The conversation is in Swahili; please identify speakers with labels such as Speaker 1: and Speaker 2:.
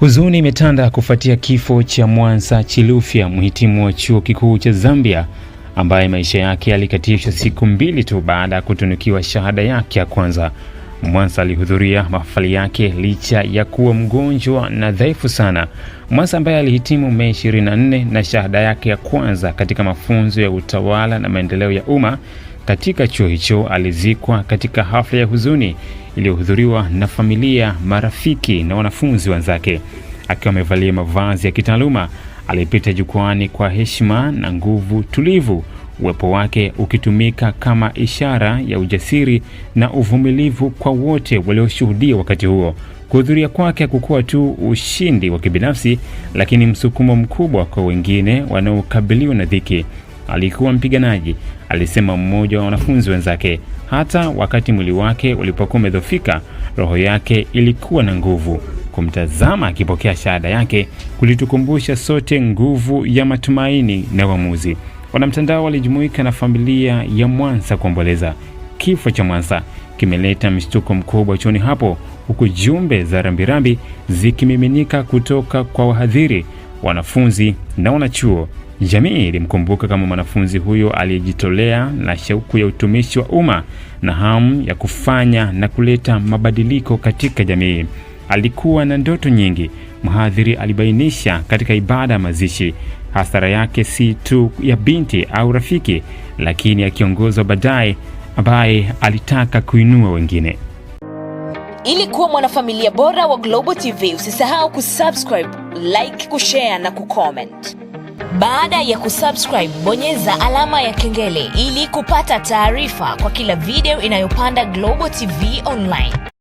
Speaker 1: Huzuni imetanda kufuatia kifo cha Mwansa Chilufya, mhitimu wa chuo kikuu cha Zambia ambaye maisha yake yalikatishwa siku mbili tu baada ya kutunukiwa shahada yake ya kwanza. Mwansa alihudhuria mahafali yake licha ya kuwa mgonjwa na dhaifu sana. Mwansa ambaye alihitimu Mei 24 na shahada yake ya kwanza katika mafunzo ya utawala na maendeleo ya umma katika chuo hicho alizikwa katika hafla ya huzuni iliyohudhuriwa na familia, marafiki na wanafunzi wenzake. Akiwa amevalia mavazi ya kitaaluma, alipita jukwani kwa heshima na nguvu tulivu, uwepo wake ukitumika kama ishara ya ujasiri na uvumilivu kwa wote walioshuhudia wakati huo. Kuhudhuria kwake hakukuwa tu ushindi wa kibinafsi, lakini msukumo mkubwa kwa wengine wanaokabiliwa na dhiki. Alikuwa mpiganaji, alisema mmoja wa wanafunzi wenzake. Hata wakati mwili wake ulipokuwa umedhofika, roho yake ilikuwa na nguvu. Kumtazama akipokea shahada yake kulitukumbusha sote nguvu ya matumaini na uamuzi. Wanamtandao walijumuika na familia ya Mwansa kuomboleza. Kifo cha Mwansa kimeleta mshtuko mkubwa chuoni hapo, huku jumbe za rambirambi zikimiminika kutoka kwa wahadhiri, wanafunzi na wanachuo. Jamii ilimkumbuka kama mwanafunzi huyo aliyejitolea na shauku ya utumishi wa umma na hamu ya kufanya na kuleta mabadiliko katika jamii. Alikuwa na ndoto nyingi, mhadhiri alibainisha katika ibada ya mazishi, Hasara yake si tu ya binti au rafiki, lakini ya kiongozi wa baadaye ambaye alitaka kuinua wengine.
Speaker 2: Ili kuwa mwanafamilia bora wa Global TV, usisahau kusubscribe, like, kushare na kucomment. Baada ya kusubscribe, bonyeza alama ya kengele ili kupata taarifa kwa kila video inayopanda Global TV Online.